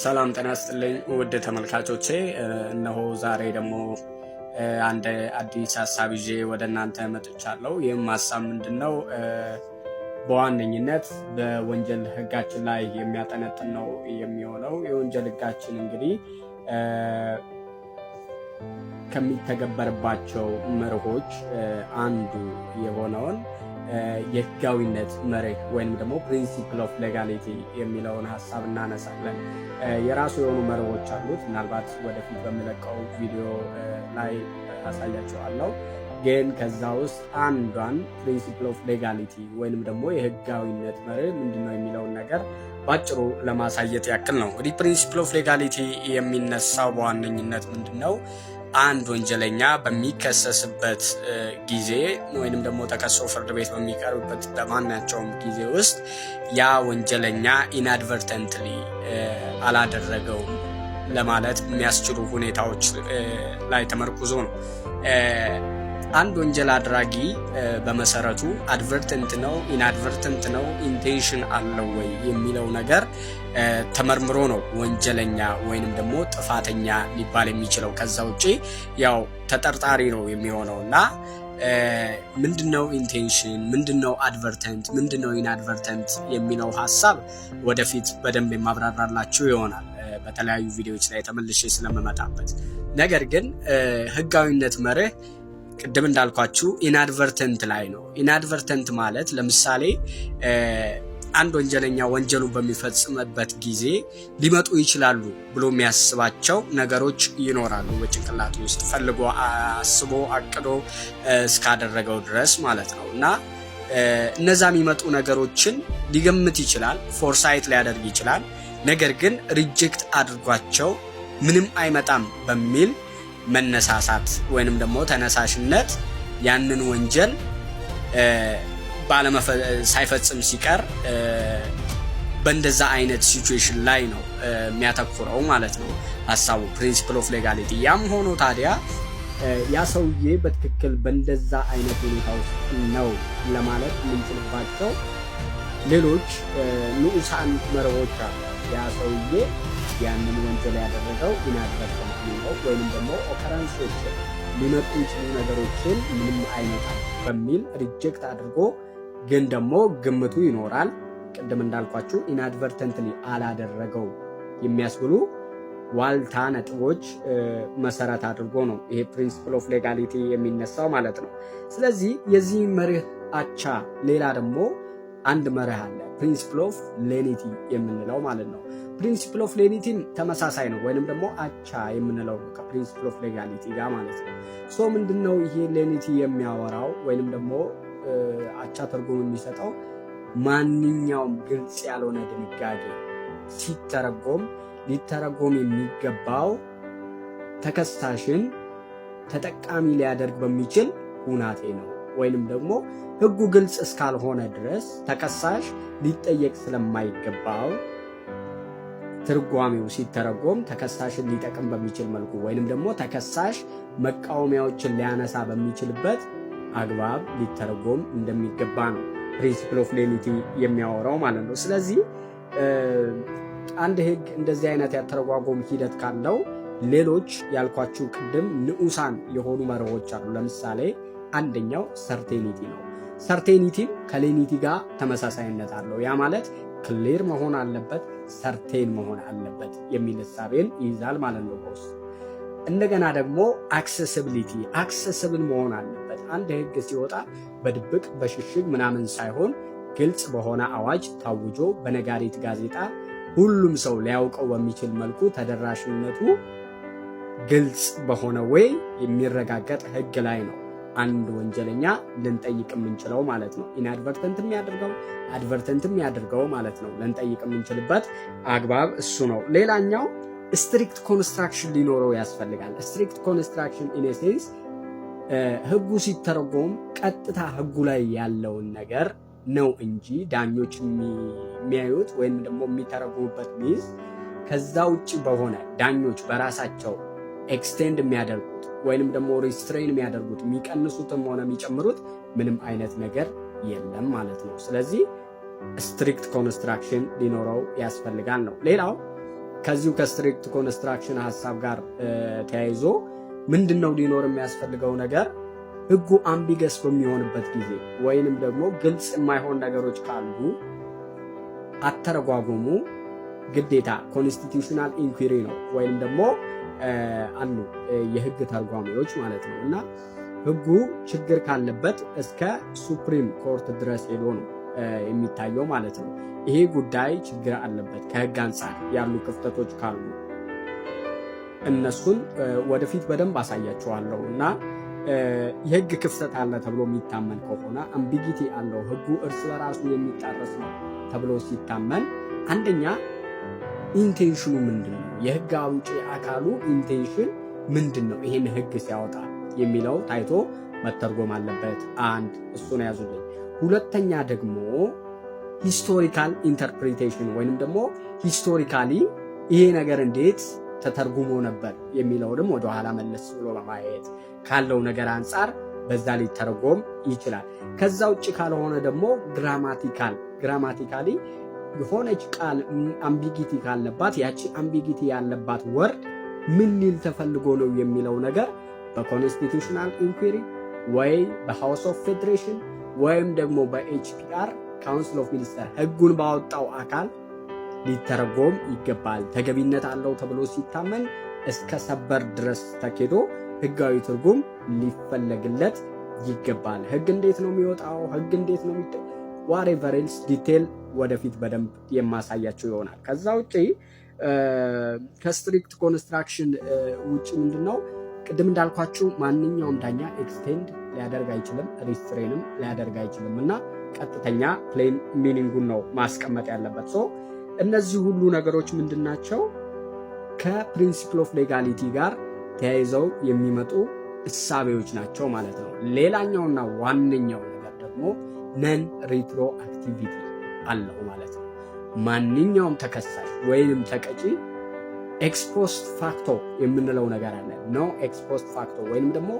ሰላም ጤና ስጥልኝ ውድ ተመልካቾቼ፣ እነሆ ዛሬ ደግሞ አንድ አዲስ ሀሳብ ይዤ ወደ እናንተ መጥቻለሁ። ይህም ሀሳብ ምንድን ነው? በዋነኝነት በወንጀል ሕጋችን ላይ የሚያጠነጥን ነው የሚሆነው። የወንጀል ሕጋችን እንግዲህ ከሚተገበርባቸው መርሆች አንዱ የሆነውን የህጋዊነት መርህ ወይም ደግሞ ፕሪንሲፕል ኦፍ ሌጋሊቲ የሚለውን ሀሳብ እናነሳለን። የራሱ የሆኑ መርሆች አሉት። ምናልባት ወደፊት በምለቀው ቪዲዮ ላይ አሳያችኋለሁ። ግን ከዛ ውስጥ አንዷን ፕሪንሲፕል ኦፍ ሌጋሊቲ ወይንም ደግሞ የህጋዊነት መርህ ምንድነው የሚለውን ነገር ባጭሩ ለማሳየት ያክል ነው። እንግዲህ ፕሪንሲፕል ኦፍ ሌጋሊቲ የሚነሳው በዋነኝነት ምንድን ነው? አንድ ወንጀለኛ በሚከሰስበት ጊዜ ወይንም ደግሞ ተከሶ ፍርድ ቤት በሚቀርብበት በማናቸውም ጊዜ ውስጥ ያ ወንጀለኛ ኢንአድቨርተንትሊ አላደረገውም ለማለት የሚያስችሉ ሁኔታዎች ላይ ተመርኩዞ ነው። አንድ ወንጀል አድራጊ በመሰረቱ አድቨርተንት ነው ኢንአድቨርተንት ነው ኢንቴንሽን አለው ወይ የሚለው ነገር ተመርምሮ ነው ወንጀለኛ ወይንም ደግሞ ጥፋተኛ ሊባል የሚችለው። ከዛ ውጪ ያው ተጠርጣሪ ነው የሚሆነው እና ምንድነው ኢንቴንሽን፣ ምንድነው አድቨርተንት፣ ምንድነው ኢንአድቨርተንት የሚለው ሀሳብ ወደፊት በደንብ የማብራራላችሁ ይሆናል በተለያዩ ቪዲዮዎች ላይ ተመልሼ ስለምመጣበት። ነገር ግን ህጋዊነት መርህ ቅድም እንዳልኳችሁ ኢንአድቨርተንት ላይ ነው። ኢንአድቨርተንት ማለት ለምሳሌ አንድ ወንጀለኛ ወንጀሉን በሚፈጽምበት ጊዜ ሊመጡ ይችላሉ ብሎ የሚያስባቸው ነገሮች ይኖራሉ በጭንቅላቱ ውስጥ ፈልጎ አስቦ አቅዶ እስካደረገው ድረስ ማለት ነው እና እነዛ የሚመጡ ነገሮችን ሊገምት ይችላል፣ ፎርሳይት ሊያደርግ ይችላል። ነገር ግን ሪጀክት አድርጓቸው ምንም አይመጣም በሚል መነሳሳት ወይንም ደግሞ ተነሳሽነት ያንን ወንጀል ሳይፈጽም ሲቀር በእንደዛ አይነት ሲቹዌሽን ላይ ነው የሚያተኩረው ማለት ነው ሀሳቡ። ፕሪንሲፕል ኦፍ ሌጋሊቲ። ያም ሆኖ ታዲያ ያ ሰውዬ በትክክል በእንደዛ አይነት ሁኔታ ውስጥ ነው ለማለት የምንችልባቸው ሌሎች ንዑሳን መርሆች አሉ። ያ ሰውዬ ያንን ወንጀል ያደረገው ኢናድረግ ነው ወይም ደግሞ ኦከረንሶችን ሊመጡ ይችሉ ነገሮችን ምንም አይነት በሚል ሪጀክት አድርጎ ግን ደግሞ ግምቱ ይኖራል። ቅድም እንዳልኳችሁ ኢንአድቨርተንትሊ አላደረገው የሚያስብሉ ዋልታ ነጥቦች መሰረት አድርጎ ነው ይሄ ፕሪንስፕል ኦፍ ሌጋሊቲ የሚነሳው ማለት ነው። ስለዚህ የዚህ መርህ አቻ ሌላ ደግሞ አንድ መርህ አለ፣ ፕሪንስፕል ኦፍ ሌኒቲ የምንለው ማለት ነው። ፕሪንስፕል ኦፍ ሌኒቲን ተመሳሳይ ነው ወይንም ደግሞ አቻ የምንለው ከፕሪንስፕል ኦፍ ሌጋሊቲ ጋር ማለት ነው። ሶ ምንድን ነው ይሄ ሌኒቲ የሚያወራው ወይንም ደግሞ አቻ ትርጉም የሚሰጠው ማንኛውም ግልጽ ያልሆነ ድንጋጌ ሲተረጎም ሊተረጎም የሚገባው ተከሳሽን ተጠቃሚ ሊያደርግ በሚችል ሁናቴ ነው። ወይንም ደግሞ ህጉ ግልጽ እስካልሆነ ድረስ ተከሳሽ ሊጠየቅ ስለማይገባው ትርጓሜው ሲተረጎም ተከሳሽን ሊጠቅም በሚችል መልኩ ወይንም ደግሞ ተከሳሽ መቃወሚያዎችን ሊያነሳ በሚችልበት አግባብ ሊተረጎም እንደሚገባ ነው ፕሪንሲፕል ኦፍ ሌኒቲ የሚያወራው ማለት ነው። ስለዚህ አንድ ህግ እንደዚህ አይነት ያተረጓጎም ሂደት ካለው ሌሎች ያልኳችሁ ቅድም ንዑሳን የሆኑ መርሆች አሉ። ለምሳሌ አንደኛው ሰርቴኒቲ ነው። ሰርቴኒቲም ከሌኒቲ ጋር ተመሳሳይነት አለው። ያ ማለት ክሌር መሆን አለበት፣ ሰርቴን መሆን አለበት የሚል እሳቤን ይይዛል ማለት ነው ቦስ እንደገና ደግሞ አክሰስብሊቲ አክሰስብል መሆን አለበት። አንድ ህግ ሲወጣ በድብቅ በሽሽግ ምናምን ሳይሆን ግልጽ በሆነ አዋጅ ታውጆ በነጋሪት ጋዜጣ ሁሉም ሰው ሊያውቀው በሚችል መልኩ ተደራሽነቱ ግልጽ በሆነ ወይ የሚረጋገጥ ህግ ላይ ነው አንድ ወንጀለኛ ልንጠይቅ የምንችለው ማለት ነው። ኢንአድቨርተንት የሚያደርገው አድቨርተንት የሚያደርገው ማለት ነው። ልንጠይቅ የምንችልበት አግባብ እሱ ነው። ሌላኛው ስትሪክት ኮንስትራክሽን ሊኖረው ያስፈልጋል። ስትሪክት ኮንስትራክሽን ኢንሴንስ ህጉ ሲተረጎም ቀጥታ ህጉ ላይ ያለውን ነገር ነው እንጂ ዳኞች የሚያዩት ወይም ደግሞ የሚተረጉሙበት ሚዝ ከዛ ውጭ በሆነ ዳኞች በራሳቸው ኤክስቴንድ የሚያደርጉት ወይንም ደግሞ ሪስትሬን የሚያደርጉት የሚቀንሱትም ሆነ የሚጨምሩት ምንም አይነት ነገር የለም ማለት ነው። ስለዚህ ስትሪክት ኮንስትራክሽን ሊኖረው ያስፈልጋል ነው። ሌላው ከዚሁ ከስትሪክት ኮንስትራክሽን ሀሳብ ጋር ተያይዞ ምንድን ነው ሊኖር የሚያስፈልገው ነገር ህጉ አምቢገስ በሚሆንበት ጊዜ ወይንም ደግሞ ግልጽ የማይሆን ነገሮች ካሉ አተረጓጎሙ ግዴታ ኮንስቲቱሽናል ኢንኩሪ ነው ወይም ደግሞ አሉ የህግ ተርጓሚዎች ማለት ነው። እና ህጉ ችግር ካለበት እስከ ሱፕሪም ኮርት ድረስ ሄዶ ነው የሚታየው ማለት ነው። ይሄ ጉዳይ ችግር አለበት ከህግ አንጻር ያሉ ክፍተቶች ካሉ እነሱን ወደፊት በደንብ አሳያቸዋለሁ እና የህግ ክፍተት አለ ተብሎ የሚታመን ከሆነ አምቢጊቲ አለው ህጉ እርስ በራሱ የሚጣረስ ነው ተብሎ ሲታመን አንደኛ ኢንቴንሽኑ ምንድን ነው? የህግ አውጪ አካሉ ኢንቴንሽን ምንድን ነው? ይሄን ህግ ሲያወጣ የሚለው ታይቶ መተርጎም አለበት። አንድ እሱን ያዙልኝ። ሁለተኛ ደግሞ ሂስቶሪካል ኢንተርፕሪቴሽን ወይንም ደግሞ ሂስቶሪካሊ ይሄ ነገር እንዴት ተተርጉሞ ነበር የሚለውንም ወደኋላ መለስ ብሎ በማየት ካለው ነገር አንጻር በዛ ሊተረጎም ይችላል። ከዛ ውጭ ካልሆነ ደግሞ ግራማቲካል ግራማቲካሊ የሆነች ቃል አምቢጊቲ ካለባት ያቺ አምቢጊቲ ያለባት ወርድ ምን ሊል ተፈልጎ ነው የሚለው ነገር በኮንስቲቱሽናል ኢንኩሪ ወይ በሃውስ ኦፍ ፌዴሬሽን ወይም ደግሞ በኤችፒአር ካውንስል ኦፍ ሚኒስተር ህጉን ባወጣው አካል ሊተረጎም ይገባል። ተገቢነት አለው ተብሎ ሲታመን እስከ ሰበር ድረስ ተኬዶ ህጋዊ ትርጉም ሊፈለግለት ይገባል። ህግ እንዴት ነው የሚወጣው? ህግ እንዴት ነው ዋሬቨር ዲቴል ወደፊት በደንብ የማሳያቸው ይሆናል። ከዛ ውጭ ከስትሪክት ኮንስትራክሽን ውጭ ምንድነው ነው ቅድም እንዳልኳችሁ ማንኛውም ዳኛ ኤክስቴንድ ሊያደርግ አይችልም፣ ሪስትሬንም ሊያደርግ አይችልም እና ቀጥተኛ ፕሌን ሚኒንጉን ነው ማስቀመጥ ያለበት። ሶ እነዚህ ሁሉ ነገሮች ምንድን ናቸው? ከፕሪንሲፕል ኦፍ ሌጋሊቲ ጋር ተያይዘው የሚመጡ እሳቤዎች ናቸው ማለት ነው። ሌላኛውና ዋነኛው ነገር ደግሞ ነን ሪትሮ አክቲቪቲ አለው ማለት ነው። ማንኛውም ተከሳሽ ወይም ተቀጪ ኤክስፖስት ፋክቶ የምንለው ነገር አለ። ኖ ኤክስፖስት ፋክቶ ወይም ደግሞ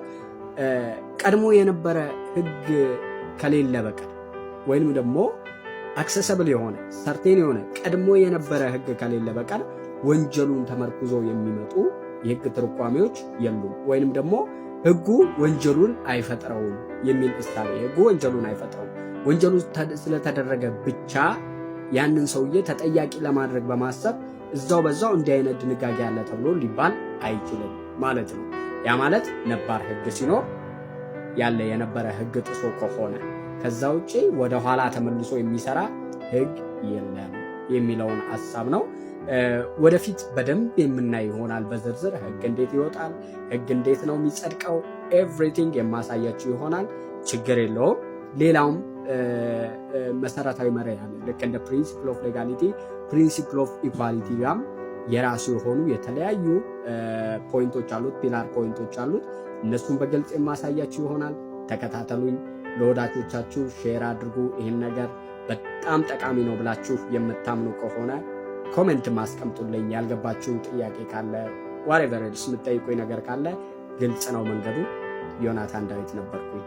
ቀድሞ የነበረ ህግ ከሌለ በቀር ወይም ደግሞ አክሰሰብል የሆነ ሰርቴን የሆነ ቀድሞ የነበረ ህግ ከሌለ በቀር ወንጀሉን ተመርኩዞ የሚመጡ የህግ ትርጓሜዎች የሉም። ወይንም ደግሞ ህጉ ወንጀሉን አይፈጥረውም የሚል እሳቤ ህጉ ወንጀሉን አይፈጥረውም ወንጀሉ ስለተደረገ ብቻ ያንን ሰውዬ ተጠያቂ ለማድረግ በማሰብ እዛው በዛው እንዲህ አይነት ድንጋጌ አለ ተብሎ ሊባል አይችልም ማለት ነው። ያ ማለት ነባር ህግ ሲኖር ያለ የነበረ ህግ ጥሶ ከሆነ ከዛ ውጭ ወደ ኋላ ተመልሶ የሚሰራ ህግ የለም የሚለውን ሀሳብ ነው። ወደፊት በደንብ የምናይ ይሆናል በዝርዝር ህግ እንዴት ይወጣል፣ ህግ እንዴት ነው የሚጸድቀው፣ ኤቭሪቲንግ የማሳያችሁ ይሆናል። ችግር የለውም ሌላውም መሰረታዊ መርህ ያለ ልክ እንደ ፕሪንሲፕል ኦፍ ሌጋሊቲ ፕሪንሲፕል ኦፍ ኢኳሊቲ ጋም የራሱ የሆኑ የተለያዩ ፖይንቶች አሉት፣ ፒላር ፖይንቶች አሉት። እነሱን በግልጽ የማሳያችሁ ይሆናል። ተከታተሉኝ። ለወዳጆቻችሁ ሼር አድርጉ። ይህን ነገር በጣም ጠቃሚ ነው ብላችሁ የምታምኑ ከሆነ ኮሜንት ማስቀምጡልኝ። ያልገባችሁ ጥያቄ ካለ ዋሬቨርስ የምጠይቁኝ ነገር ካለ ግልጽ ነው መንገዱ። ዮናታን ዳዊት ነበርኩኝ።